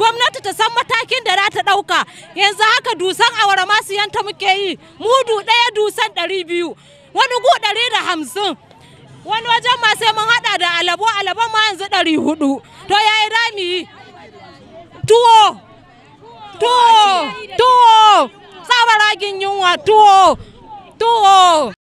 gwamnati ta san matakin da za ta ɗauka yanzu haka dusan awara masu yanta muke yi mudu ɗaya dusan ɗari biyu wani gu ɗari da hamsin wani wajen ma sai mun haɗa da alabo alaban ma yanzu ɗari hudu to yayi rami yi tuwo tuwo tuwo yunwa tuwo tuwo